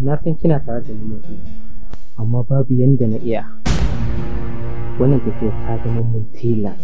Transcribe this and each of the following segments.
na san kina tare da ni amma babu yanda na iya wannan tafiya ta zama mun tilas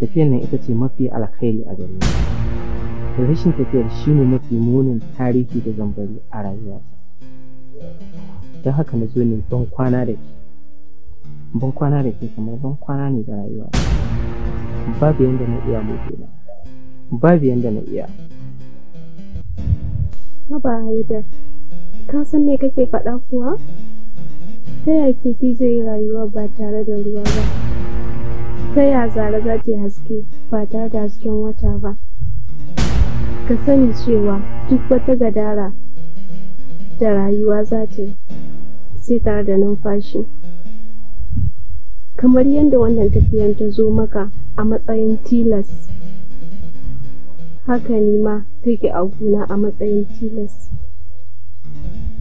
tafiyar nan ita ce mafi alkhairi a gare ni rashin tafiyar shine mafi munin tarihi da zambari a rayuwa don haka na zo ne ban kwana da ke ban kwana da ke kamar ban kwana ne da rayuwa babu yanda na iya mutu na babu yanda na iya Bye-bye. Ka san me kake faɗa kuwa? Ta ya kifi zai yi rayuwa ba tare da ruwa ba? Ta ya zara za ta haske ba tare da hasken wata ba? Ka sani cewa duk wata gadara da rayuwa za ta sai tare da numfashi. Kamar yadda wannan tafiyar ta zo maka a matsayin tilas, haka nima take a guna a matsayin tilas.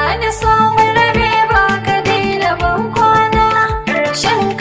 Sani samun rabe ba ka daina ban kwana, rashin